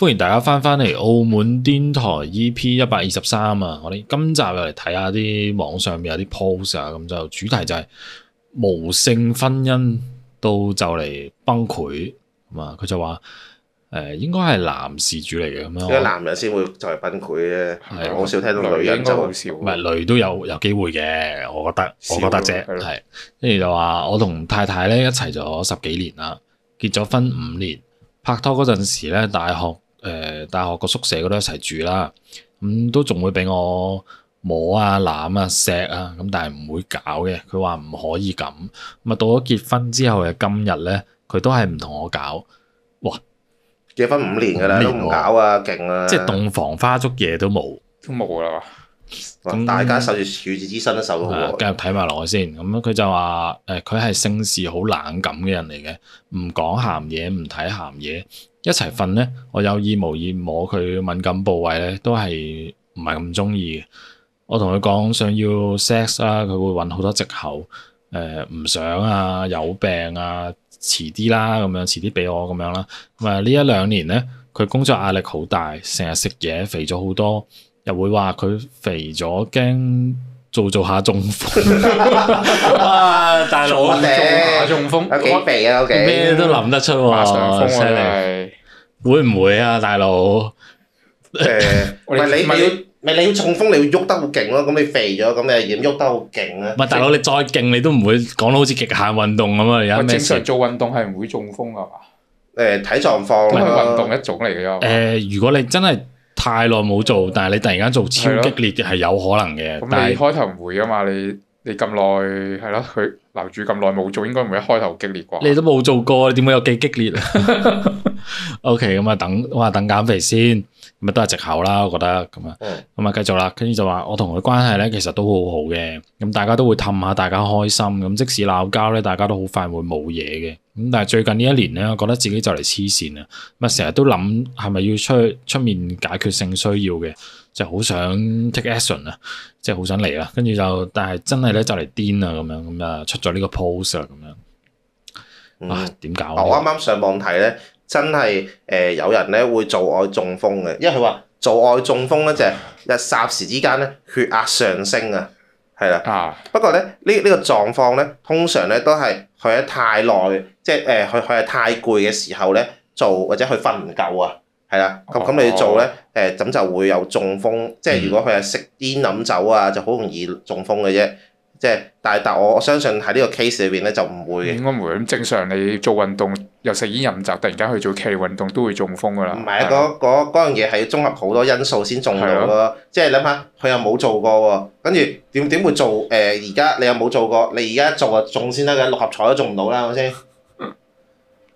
歡迎大家翻翻嚟澳門電台 EP 一百二十三啊！我哋今集又嚟睇下啲網上面有啲 post 啊，咁就主題就係、是、無性婚姻到就嚟崩潰啊！佢就話：誒應該係男事主嚟嘅咁咯，有男人先會就嚟崩潰嘅，係好少聽到女人就唔係女都有有機會嘅，我覺得我覺得啫，係跟住就話我同太太咧一齊咗十幾年啦，結咗婚五年，拍拖嗰陣時咧大學。誒、呃，大學個宿舍嗰度一齊住啦，咁、嗯、都仲會俾我摸啊、攬啊、錫啊，咁、啊、但係唔會搞嘅。佢話唔可以咁，咪到咗結婚之後嘅今日咧，佢都係唔同我搞。哇！結婚五年噶啦，都唔搞啊，勁啊！即係洞房花燭夜都冇，都冇啦。咁、啊、大家守住處之身都守到，繼續睇埋落去先。咁佢就話，誒、呃，佢係性事好冷感嘅人嚟嘅，唔講鹹嘢，唔睇鹹嘢。一齊瞓咧，我有意無意摸佢敏感部位咧，都係唔係咁中意嘅。我同佢講想要 sex 啊，佢會搵好多藉口，誒、呃、唔想啊，有病啊，遲啲啦咁樣，遲啲俾我咁樣啦。咁啊呢一兩年咧，佢工作壓力好大，成日食嘢，肥咗好多，又會話佢肥咗驚做做下中風啊！ 大佬做乜嘢？中，下中風？有幾肥啊？屋、okay、咩都諗得出喎、馬上風啊，犀利會唔會啊，大佬？誒，唔係你，唔係要，唔係你要中風，你要喐得好勁咯。咁你肥咗，咁你又點喐得好勁咧？大佬，你再勁你都唔會講到好似極限運動咁啊！正常做運動係唔會中風啊？誒，睇狀況啦，運動一種嚟嘅。誒，如果你真係太耐冇做，但係你突然間做超激烈嘅係有可能嘅。咁你開頭唔會噶嘛？你你咁耐係咯，佢樓主咁耐冇做，應該唔會一開頭激烈啩？你都冇做過，你點會有幾激烈啊？O K，咁啊等，哇等減肥先，咁啊都係借口啦，我覺得咁啊，咁啊繼續啦，嗯，跟住就話我同佢關係咧，其實都好好嘅，咁大家都會氹下，大家開心，咁即使鬧交咧，大家都好快會冇嘢嘅，咁但係最近呢一年咧，我覺得自己就嚟黐線啊，咁啊成日都諗係咪要出出面解決性需要嘅，即係好想 take action 啊，即係好想嚟啦，跟住就但係真係咧就嚟癲啊，咁樣咁啊出咗呢個 post 啊，咁樣啊點搞？我啱啱上網睇咧。真係誒、呃、有人咧會做愛中風嘅，因為佢話做愛中風咧就係、是、一霎時之間咧血壓上升啊，係啦。啊！不過咧呢呢、這個這個狀況咧通常咧都係佢喺太耐，嗯、即係誒佢佢係太攰嘅時候咧做或者佢瞓唔夠啊，係啦。咁咁你做咧誒咁就會有中風，即係如果佢係食煙飲酒啊，嗯、就好容易中風嘅啫。即係，但係我相信喺呢個 case 裏邊咧就唔會嘅。應該唔會。咁正常你做運動又食煙飲酒，突然間去做劇烈運動都會中風㗎啦、啊。唔係，嗰嗰樣嘢係要綜合好多因素先中到咯。是的即係諗下，佢又冇做過喎，跟住點點會做？誒、呃，而家你又冇做過，你而家做啊中先得嘅六合彩都中唔到啦，係咪先？嗯、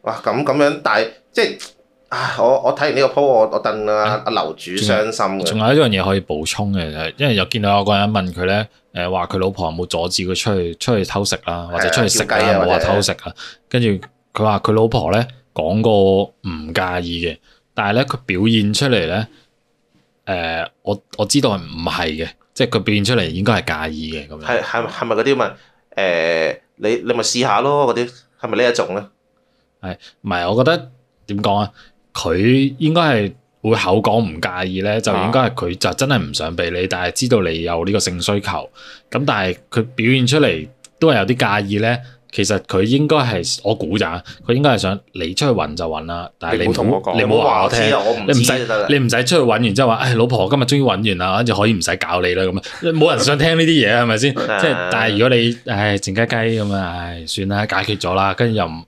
哇！咁咁樣，樣，但係即係。啊！我我睇完呢個鋪，我我戥阿樓主傷心。仲有一樣嘢可以補充嘅，就係因為又見到有個人問佢咧，誒話佢老婆有冇阻止佢出去出去偷食啦，或者出去食啊，冇話偷食啊。跟住佢話佢老婆咧講過唔介意嘅，但係咧佢表現出嚟咧，誒、呃、我我知道係唔係嘅，即係佢表現出嚟應該係介意嘅咁樣。係係係咪嗰啲咪誒？你你咪試下咯，嗰啲係咪呢一種咧？係唔係？我覺得點講啊？佢應該係會口講唔介意咧，就應該係佢就真係唔想俾你，但係知道你有呢個性需求。咁但係佢表現出嚟都係有啲介意咧。其實佢應該係我估咋，佢應該係想你出去揾就揾啦。你冇同我講，你冇話我聽，你唔使，你唔使出去揾完之後話，哎，老婆，今日終於揾完啦，跟住可以唔使搞你啦咁啊。冇人想聽呢啲嘢，係咪先？即係，但係如果你唉靜雞雞咁啊，唉算啦，解決咗啦，跟住又唔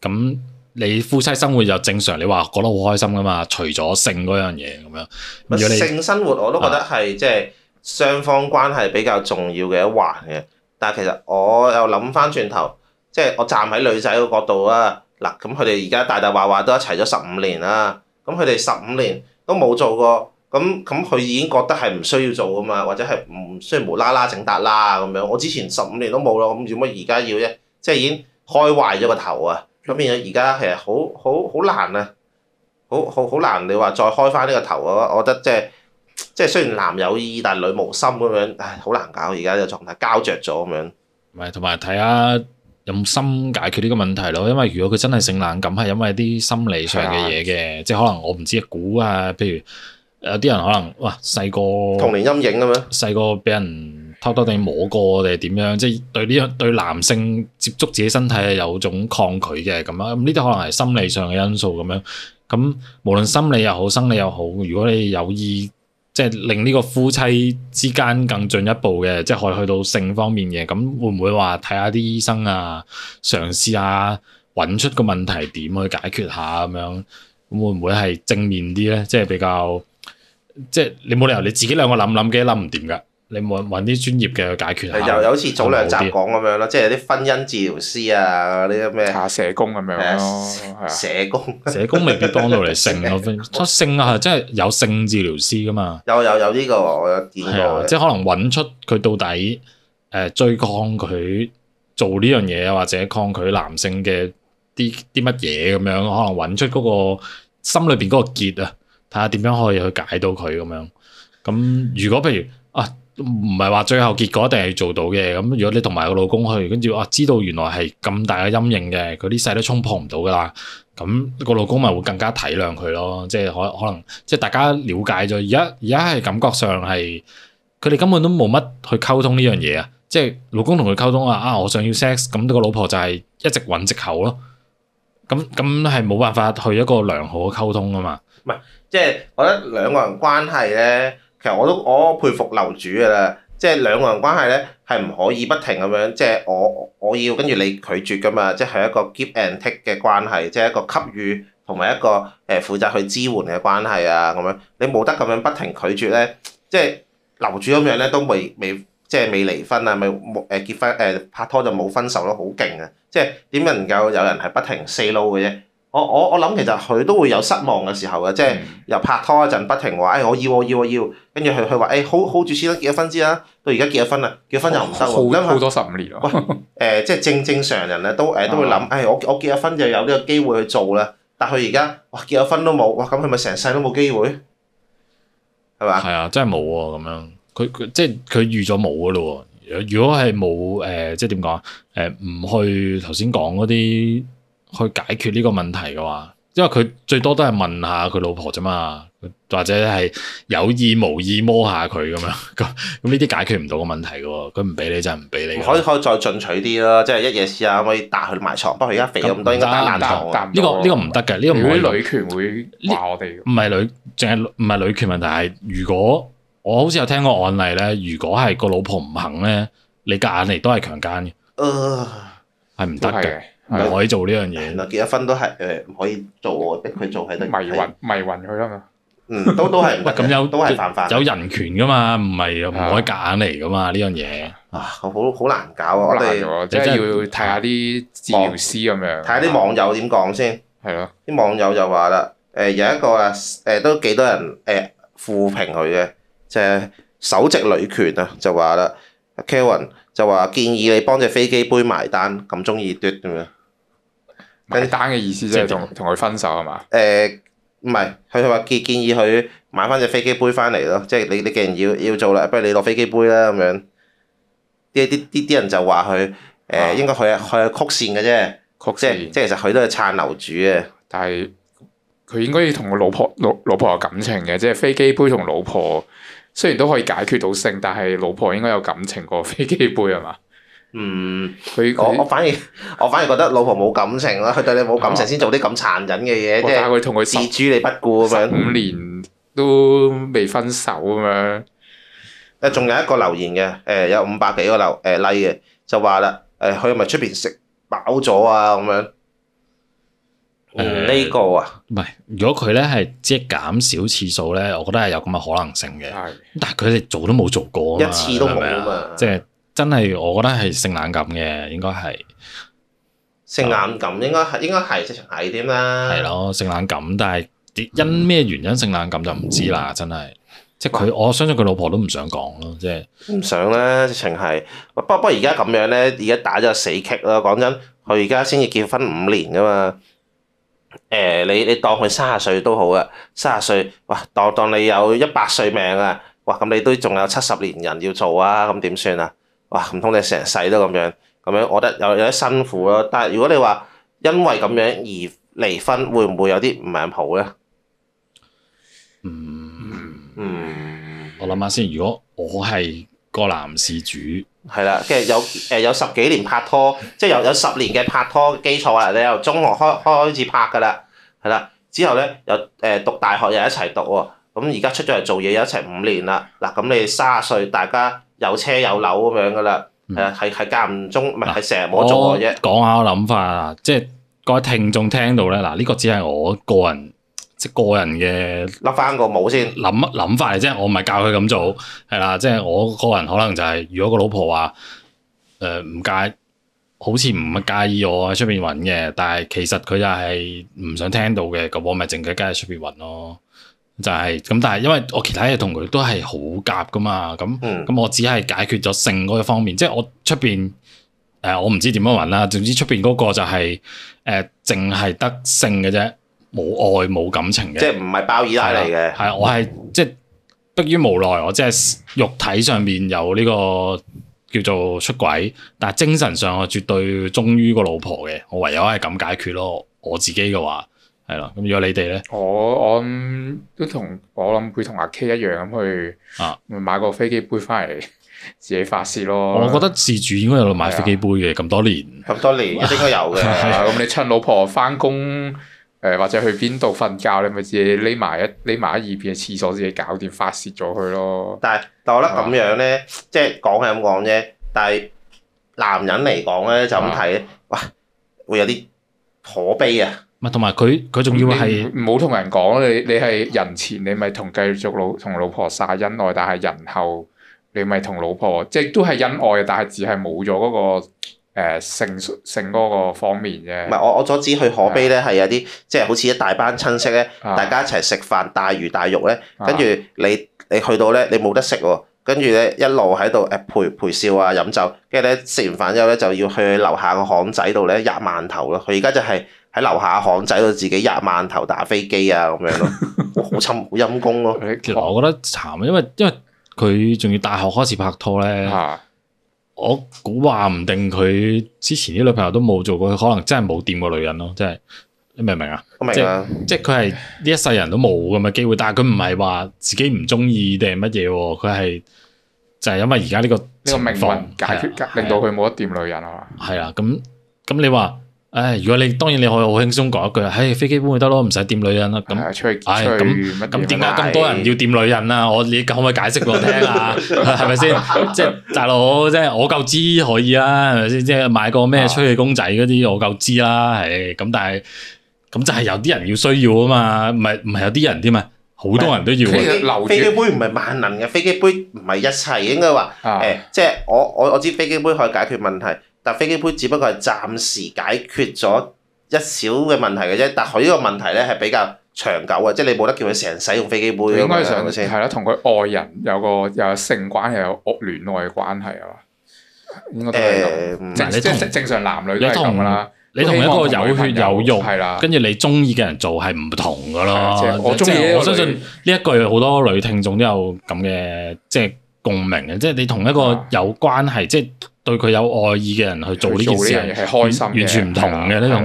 咁。你夫妻生活就正常，你話覺得好開心噶嘛？除咗性嗰樣嘢咁樣，性生活我都覺得係即係雙方關係比較重要嘅一環嘅。但係其實我又諗翻轉頭，即係我站喺女仔個角度啊。嗱，咁佢哋而家大大話話都一齊咗十五年啦，咁佢哋十五年都冇做過，咁咁佢已經覺得係唔需要做噶嘛，或者係唔需要無啦啦整達啦咁樣。我之前十五年都冇咯，咁做乜而家要啫？即係已經開壞咗個頭啊！咁變咗而家誒好好好難啊，好好好難，難，你話再開翻呢個頭啊，我覺得即係即係雖然男有意，但係女無心咁樣，唉，好難搞。而家呢個狀態膠着咗咁樣還有看看。唔係，同埋睇下有冇心解決呢個問題咯。因為如果佢真係性冷感，係因為啲心理上嘅嘢嘅，即係可能我唔知估啊。譬如有啲人可能哇，細個童年陰影咁樣，細個俾人。偷偷地摸過定點樣，即係對呢對男性接觸自己身體係有種抗拒嘅咁咁呢啲可能係心理上嘅因素咁樣。咁無論心理又好，生理又好，如果你有意即係令呢個夫妻之間更進一步嘅，即係可以去到性方面嘅，咁會唔會話睇下啲醫生啊，嘗試下搵出個問題點去解決下咁樣？咁會唔會係正面啲咧？即係比較，即係你冇理由你自己兩個諗諗幾諗唔掂噶。嗯你搵啲專業嘅解決下，有有好似早兩集講咁樣咯，即係啲婚姻治療師啊，呢啲咩社工咁、啊、樣、啊啊，社工、啊、社工 社工未必幫到嚟性出、啊、性啊，即係有性治療師㗎嘛，有有有呢、這個我有見過，啊、即係可能搵出佢到底誒最、呃、抗拒做呢樣嘢，或者抗拒男性嘅啲啲乜嘢咁樣，可能搵出嗰、那個心裏面嗰個結啊，睇下點樣可以去解到佢咁樣。咁如果譬如啊～唔係話最後結果一定係做到嘅，咁如果你同埋個老公去，跟住啊知道原來係咁大嘅陰影嘅，佢啲勢都衝破唔到噶啦，咁個老公咪會更加體諒佢咯，即係可可能即係大家了解咗，而家而家係感覺上係佢哋根本都冇乜去溝通呢樣嘢啊，即係老公同佢溝通啊，啊我想要 sex，咁個老婆就係一直搵藉口咯，咁咁係冇辦法去一個良好嘅溝通噶嘛，唔係即係我覺得兩個人關係咧。其實我都我佩服樓主嘅啦，即係兩個人關係咧係唔可以不停咁樣，即係我我要跟住你拒絕噶嘛，即係一個 give and take 嘅關係，即係一個給予同埋一個負責去支援嘅關係啊咁樣，你冇得咁樣不停拒絕咧，即係樓主咁樣咧都未未即係未離婚啊，未冇結婚拍拖就冇分手咯，好勁啊！即係點能夠有人係不停 say no 嘅啫？我我我諗，其實佢都會有失望嘅時候嘅、嗯，即係又拍拖一陣不停話，誒我要我要我要，跟住佢佢話誒好好住先啦，結咗婚先啦。到而家結咗婚啦，結婚又唔得，因為好多十五年咯。喂，誒、呃， 即係正正常人咧、呃，都誒都會諗，誒、哎、我我結咗婚就有呢個機會去做啦。但係佢而家，哇結咗婚都冇，哇咁佢咪成世都冇機會，係嘛？係啊，真係冇喎咁樣。佢佢即係佢預咗冇噶咯。如果如果係冇，誒、呃、即係點講啊？誒、呃、唔去頭先講嗰啲。去解決呢個問題嘅話，因為佢最多都係問下佢老婆啫嘛，或者係有意無意摸下佢咁樣，咁咁呢啲解決唔到個問題嘅喎，佢唔俾你就唔俾你。可以可以再進取啲啦，即係一夜試下可以打佢埋床，不過佢而家肥咗咁多不，應該打爛牀。呢、呢個呢、呢個唔得嘅，呢、呢個會、呢個、女權會鬧我哋。唔係女，淨係唔係女權問題係，如果我好似有聽過案例咧，如果係個老婆唔肯咧，你隔硬嚟都係強姦嘅，係唔得嘅。唔可以做呢樣嘢。原來結咗婚都係誒，唔、呃、可以做，逼佢做係得迷魂迷魂佢啦嘛。嗯，都都係唔得咁有都係犯法，有人權噶嘛，唔係唔可以夾硬嚟噶嘛呢樣嘢。啊，好好難搞啊！我哋、啊，真係要睇下啲治療師咁樣，睇下啲網友點講先。係咯。啲網友就話啦，誒、呃、有一個啊，誒、呃、都幾多人誒負、呃、評佢嘅，就係、首席女權說啊，Karen、就話啦，Kevin 就話建議你幫隻飛機杯埋單，咁中意嘟。咁樣。跟單嘅意思即係同同佢分手係嘛？誒，唔係，佢佢話建建議佢買翻隻飛機杯翻嚟咯，即係你你既然要要做啦，不如你攞飛機杯啦咁樣。啲啲啲啲人就話佢，誒，應該佢佢係曲線嘅啫，曲即係即係其實佢都係撐樓主嘅、嗯。但係佢應該要同個老婆老老婆有感情嘅，即係飛機杯同老婆雖然都可以解決到性，但係老婆應該有感情過飛機杯係嘛？嗯，佢講我我反而我反而覺得老婆冇感情啦，佢對你冇感情先做啲咁殘忍嘅嘢，即係置諸你不顧咁樣，五年都未分手咁樣。誒，仲有一個留言嘅，誒，有五百幾個留誒 like 嘅，就話啦，誒，佢係咪出邊食飽咗啊，咁樣。呢個啊，唔係，如果佢咧係即係減少次數咧，我覺得係有咁嘅可能性嘅。但係佢哋做都冇做過啊嘛，一次都冇啊嘛，即係。真係，我覺得係性冷感嘅，應該係性冷感，應該係應該係直情矮啲啦，係咯，性冷感。但係啲因咩原因性冷感就唔知啦。真係即係佢，我相信佢老婆都唔想講咯，即係唔想咧。直情係不不過而家咁樣咧，而家打咗死劇咯。講真，佢而家先至結婚五年噶嘛？誒，你你當佢三十歲都好啊，三十歲哇，當當你有一百歲命啊，哇咁你都仲有七十年人要做啊，咁點算啊？哇！唔通你成世都咁樣咁樣，我覺得有有啲辛苦咯。但係如果你話因為咁樣而離婚，會唔會有啲唔係咁好咧？嗯嗯，我諗下先。如果我係個男事主，係啦，即係有誒有十幾年拍拖，即係有有十年嘅拍拖基礎啦。你由中學開開始拍㗎啦，係啦。之後咧有誒讀大學又一齊讀喎，咁而家出咗嚟做嘢又一齊五年啦。嗱，咁你卅歲大家。有車有樓咁樣噶啦，係係係間唔中，唔係成日冇做嘅啫。講下我諗法啊，即係各位聽眾聽到咧，嗱、這、呢個只係我個人即係個人嘅甩翻個帽先諗諗法嚟啫，我唔係教佢咁做，係啦，即係我個人可能就係、是、如果個老婆話誒唔介，好似唔係介意我喺出邊揾嘅，但係其實佢又係唔想聽到嘅，咁我咪靜雞喺出邊揾咯。就係、是、咁，但係因為我其他嘢同佢都係好夾噶嘛，咁咁、嗯、我只係解決咗性嗰個方面，即、就、係、是、我出面，誒、呃，我唔知點樣搵啦。總之出面嗰個就係、是、誒，淨、呃、係得性嘅啫，冇愛冇感情嘅。即係唔係包二奶嚟嘅？係啊，我係即係迫於無奈，我即係肉體上面有呢個叫做出軌，但係精神上我絕對忠於個老婆嘅。我唯有係咁解決咯。我自己嘅話。係啦，咁如果你哋咧，我我都同我諗會同阿 K 一樣咁去啊，買個飛機杯翻嚟自己發泄咯、啊。我覺得自住應該有買飛機杯嘅，咁多年，咁多年應該有嘅。咁你趁老婆翻工誒，或者去邊度瞓覺，你咪自己匿埋一匿埋一二邊嘅廁所自己搞掂發泄咗佢咯。但係但係我諗咁樣咧，即係講係咁講啫。但係、就是、男人嚟講咧就咁睇，哇會有啲可悲啊！唔係，同埋佢佢仲要係唔好同人講你，你係人前你咪同繼續老同老婆晒恩愛，但係人後你咪同老婆，即係都係恩愛，但係只係冇咗嗰個、呃、性性嗰個方面啫。唔係我我所知，佢可悲咧係有啲即係好似一大班親戚咧、啊，大家一齊食飯，大魚大肉咧，跟、啊、住你你去到咧，你冇得食喎，跟住咧一路喺度誒陪陪笑啊飲酒，跟住咧食完飯之後咧就要去樓下個巷仔度咧吔饅頭咯。佢而家就係、是。喺樓下巷仔到，自己廿萬頭打飛機啊，咁樣咯，好陰好陰公咯。其實我覺得慘，因為因為佢仲要大學開始拍拖咧、啊，我估話唔定佢之前啲女朋友都冇做過，佢可能真係冇掂過女人咯，真、就、係、是、你明唔明啊？我明啊！即係佢係呢一世人都冇咁嘅機會，但係佢唔係話自己唔中意定乜嘢，佢係就係、是、因為而家呢個呢、這個命運解決，啊啊、令到佢冇得掂女人啊嘛。係啊，咁咁、啊嗯啊、你話？唉，如果你當然你可以好輕鬆講一句，唉、哎，飛機杯得咯，唔使掂女人啦。咁，唉，咁咁點解咁多人要掂女人啊？哎、我你可唔可以解釋俾我聽啊？係咪先？即 係、就是、大佬，即係我夠知可以啦、啊，係咪先？即係買個咩吹氣公仔嗰啲，我夠知啦。唉，咁但係咁就係有啲人要需要啊嘛，唔係唔係有啲人添啊？好多人都要。其實留飛機杯唔係萬能嘅，飛機杯唔係一切，應該話誒，即、啊、係、欸就是、我我我知飛機杯可以解決問題。但飛機杯只不過係暫時解決咗一小嘅問題嘅啫，但佢呢個問題咧係比較長久嘅，即係你冇得叫佢成日使用飛機杯咁樣。應該想係啦，同佢愛人有個有個性關係，有戀愛嘅關係啊嘛。應該都、欸、正你正，正常男女都係咁啦。你同一個有血有肉，跟住你中意嘅人做係唔同噶咯。的就是、我中意，我相信呢一句好多女聽眾都有咁嘅即係共鳴嘅，即係你同一個有關係、啊、即係，對佢有愛意嘅人去做呢件事係開心嘅，完全唔同嘅呢種。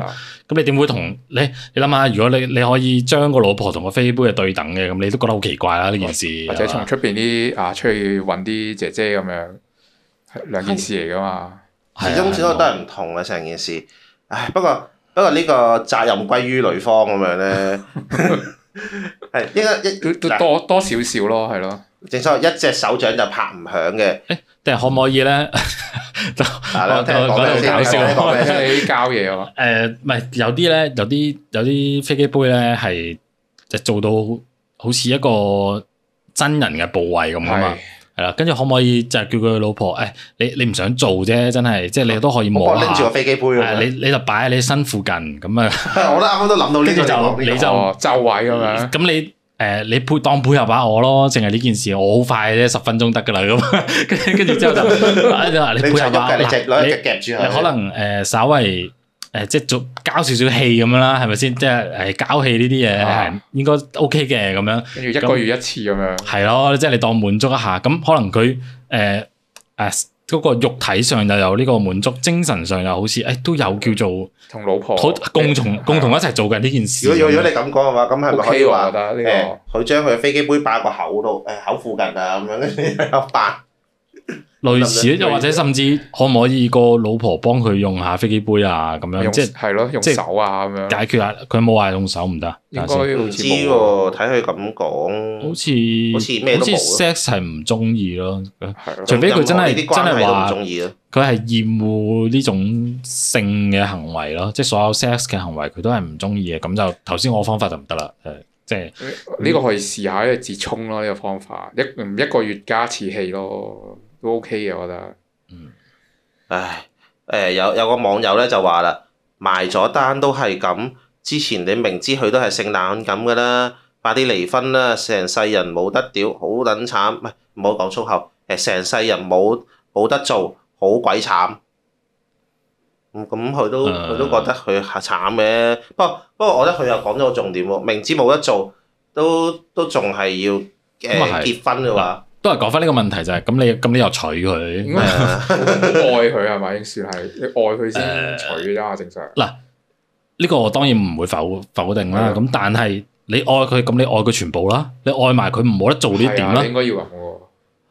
咁你點會同你，你諗下，如果你，你可以將個老婆同個飛杯係對等嘅，咁你都覺得好奇怪啦呢、啊、件事。或者從出邊啲啊出去搵啲姐姐咁樣，兩件事嚟噶嘛。始終都係唔同嘅成件事。唉，不過不過呢個責任歸於女方咁樣咧，係 一 一都多多少少咯，係咯。正所謂一隻手掌就拍唔響嘅，誒、哎、可唔可以咧？就 我聽講都搞笑，講緊嘢喎。唔係有啲咧，有啲有啲飛機杯咧係就做到好似一個真人嘅部位咁啊嘛，係啦。跟住可唔可以就係叫佢老婆、哎、你你唔想做啫，真係即係你都可以摸拎住個飛機杯、啊，你你就擺喺你身附近咁啊！我都啱啱都諗到呢啲就位喎。周圍咁樣，咁、嗯、你。誒、呃，你配當配合下我咯，淨係呢件事，我好快啫，十分鐘得㗎喇咁。跟住跟住之後就、 啊、你，你配合下、 啊，你隻攞隻夾住，可能誒、呃，稍微誒、呃，即係做交少少氣咁樣啦，係咪先？即係誒、呃，搞氣呢啲嘢係應該 OK 嘅，咁樣。跟住一個月一次咁樣。係咯，即係你當滿足一下。咁可能佢誒誒。呃啊嗰、那個肉體上又有呢個滿足，精神上又好似誒、哎、都有叫做同老婆共同共同一齊做緊呢件事。如果，如果你咁講嘅話，咁係咪可以話呢誒，佢將佢嘅飛機杯擺喺個口度，誒、哎、口附近啊咁樣，跟住又擺。類似，又或者甚至可唔可以個老婆幫佢用下飛機杯啊？咁樣用即係咯，用手啊咁樣解決下。佢冇話用手唔得。應該唔知喎，睇佢咁講。好似好似咩都冇。sex 係唔中意咯，係囉？除非佢真係真係話唔中意囉，佢係厭惡呢種性嘅行為咯，即係所有 sex 嘅行為，佢都係唔中意嘅。咁就頭先我方法就唔得啦，誒、就是，即係呢個可以試下一個，一為自沖咯呢個方法，一一個月加次氣咯。都 OK 嘅，我覺得。嗯。唉，有有個網友咧就話啦，埋咗單都係咁。之前你明知佢都係性冷感嘅啦，快啲離婚啦！成世人冇得屌，好撚慘。唔係，唔好講粗口。誒，成世人冇冇得做，好鬼慘。咁佢都佢都覺得佢慘嘅。不過不過，我覺得佢又講咗個重點喎。明知冇得做，都都仲係要誒結、嗯、結婚嘅話。嗯。都係講翻呢個問題就係、是，咁你咁你又娶佢，愛佢係咪？ 算係你愛佢先娶啫，呃、正常。嗱，呢個我當然唔會否否定啦。咁但係你愛佢，咁你愛佢全部啦。你愛埋佢，唔冇得做呢點啦。應該要啊，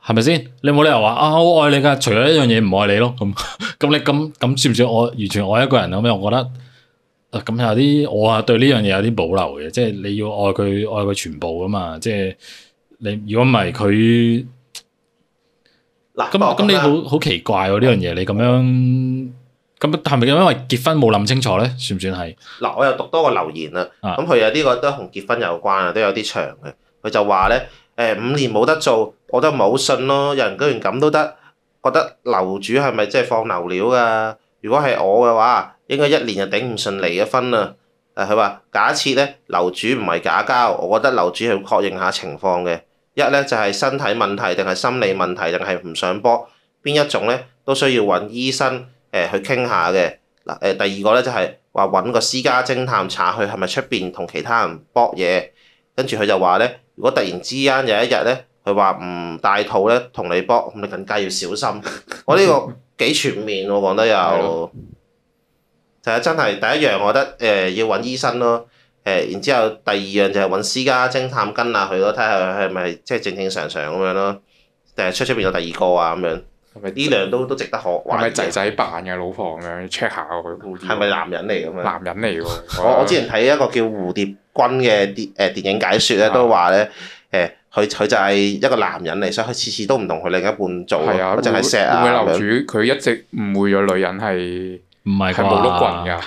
係咪先？你冇理由話啊，我好愛你噶，除咗一樣嘢唔愛你咯。咁 咁你咁咁，算唔算我完全愛一個人咁樣？我覺得咁有啲我啊對呢樣嘢有啲保留嘅，即係你要愛佢，愛佢全部噶嘛，即係。你如果唔係佢嗱咁咁，你好好奇怪喎呢樣嘢。你咁樣咁係咪因為結婚冇諗清楚咧？算唔算係？嗱，我又讀多個留言啦。咁佢有，呢個都同結婚有關啊，都有啲長嘅。佢就話咧誒，五年冇得做，我都唔係好信咯。有人居然咁都得，覺得樓主係咪即係放流料㗎？如果係我嘅話，應該一年就頂唔順離咗婚啦。誒，佢話假設咧，樓主唔係假交，我覺得樓主係要確認下情況嘅。一咧就係身體問題，定係心理問題，定係唔想搏，邊一種咧都需要揾醫生、呃、去傾下嘅嗱、呃、第二個咧就係話揾個私家偵探查佢係咪出面同其他人搏嘢，跟住佢就話咧，如果突然之間有一日咧，佢話唔帶套咧同你搏，咁你更加要小心。我呢個幾全面喎，講得又，就係真係第一樣，我覺得，就是我覺得呃、要揾醫生咯。誒，然之後第二樣就係揾私家偵探跟下佢咯，睇下佢係咪即係正正常常咁樣咯，定係出出邊有第二個啊咁樣？係咪呢兩都都值得學？係仔仔扮嘅老婆咁樣 check 下佢？係咪男人嚟咁樣？男人嚟喎！ 我我之前睇一個叫蝴蝶君嘅啲誒電影解説咧，都話咧誒，佢、欸、佢就係一個男人嚟，所以佢次次都唔同佢另一半做咯，或者係錫啊咁、啊、會唔會樓主佢一直唔會有女人係唔係？係冇碌棍㗎。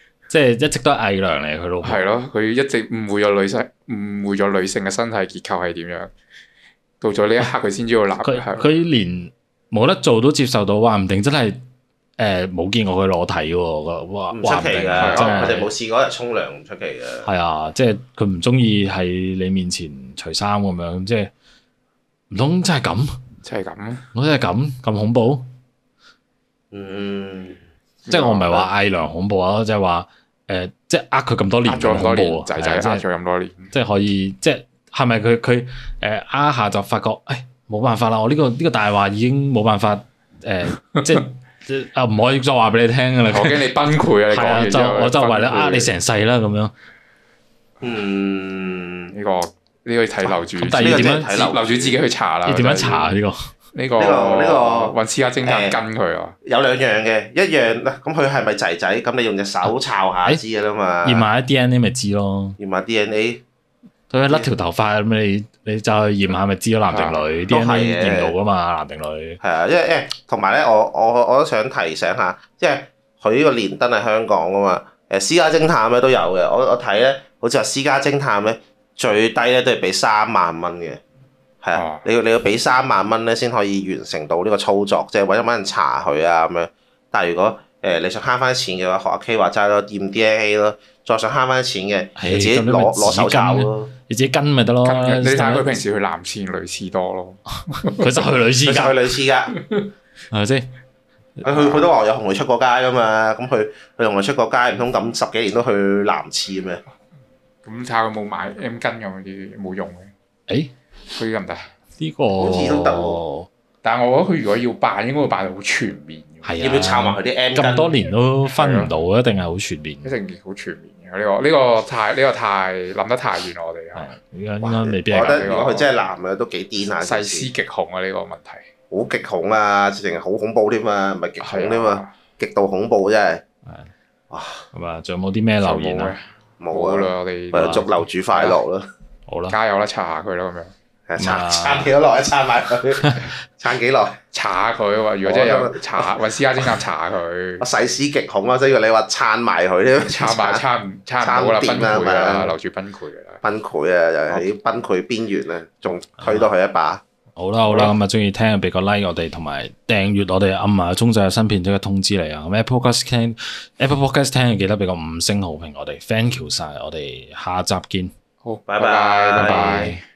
即係一直都係偽娘嚟，佢老婆係咯，佢一直誤會咗女性，誤會咗女性嘅身體結構係點樣？到咗呢一刻佢先知道男，佢、啊、佢連冇得做都接受到，話唔定真係誒冇見過佢裸體喎！哇，唔出奇嘅，佢哋冇試過日沖涼，唔出奇嘅。係啊，即係佢唔中意喺你面前除衫咁樣，即係唔通真係咁？真係咁？真係咁？咁恐怖？嗯，即係我唔係話偽娘恐怖啊，即係話。就是誒、呃，即係呃佢咁多年，咁多年仔仔啊，咁、就是就是、多年，即係可以，即係係咪佢佢誒，是是呃、一下就發覺，誒，冇辦法啦，我呢、這個呢、這個大話已經冇辦法，誒、呃， 即係啊，唔可以再話俾你聽噶啦， 我驚你崩潰啊，係啊，就我就為咗呃你成世啦咁樣。嗯，呢、這個呢、這個要睇樓主，呢、啊第二點樣？樓主自己去查啦，你點樣查呢、啊就是這個？呢、呢個呢、呢個揾私家偵探跟佢啊，呃，有兩樣嘅，一樣咁佢係咪仔仔咁，你用隻手抄下知嘅啦嘛，驗埋 DNA 咪知咯，驗埋 DNA，佢甩條頭髮咁你你就去驗下咪知咯，男定女 DNA 驗到噶嘛，男定女。係啊，因為誒同埋咧，我我我都想提醒下，即係佢呢個連登係香港噶嘛，誒私家偵探咧都有嘅。我我睇咧，好似話私家偵探咧最低咧都要俾三萬蚊嘅。係，你要你要俾三萬蚊咧，先可以完成到呢個操作，即係揾咗揾人查佢啊咁樣。但係如果誒你想慳翻啲錢嘅話，學阿 K 話齋咯，驗 DNA 咯。再想慳翻啲錢嘅，你自己攞攞、哎、手教咯，你自己跟咪得咯。你睇下佢平時去男廁女廁多咯，佢 就去女廁。去女廁㗎係咪先？佢 佢都話有同佢出過街㗎嘛，咁佢佢同佢出過街，唔通咁十幾年都去男廁咩？咁睇佢冇買 M 巾，咁嗰啲冇用嘅。哎！佢咁得？呢、呢個好似都得喎，但係我覺得佢如果要辦，應該會辦到好全面。係、嗯、啊，咁多年都分唔到，一定係好全面。一定好全面嘅呢個呢、呢個太呢、呢個太諗得太遠，我哋啊，應該未必要。我覺得如果佢真係男嘅，都幾癲下。細思極恐啊！呢、呢個問題好極恐啊，直情好恐怖添、啊、嘛，唔係極恐添嘛，極度恐怖真係。啊。咁啊，仲有冇啲咩留言啊？冇啦、啊啊，我哋祝樓主快樂啦、啊，好啦，加油啦，查下佢啦咁樣。撐撐幾耐？一撐埋佢，撐幾耐？查下佢啊！如果真係有查，問私家偵探查下佢。我細思極恐啊！所以你話撐埋佢，撐把撐撐唔掂啦，係咪啊？留住崩潰啦！崩潰啊！又喺崩潰邊緣啊！仲推多佢一把。好啦好啦，咁啊，中意、嗯、聽俾個 like 我哋，同埋訂閱我哋暗啊！中繼新片即刻通知你啊！Apple Podcast 聽, Apple Podcast 聽記得俾個五星好評，我哋 thank you 晒，我哋下集見。好，拜拜拜拜。Bye bye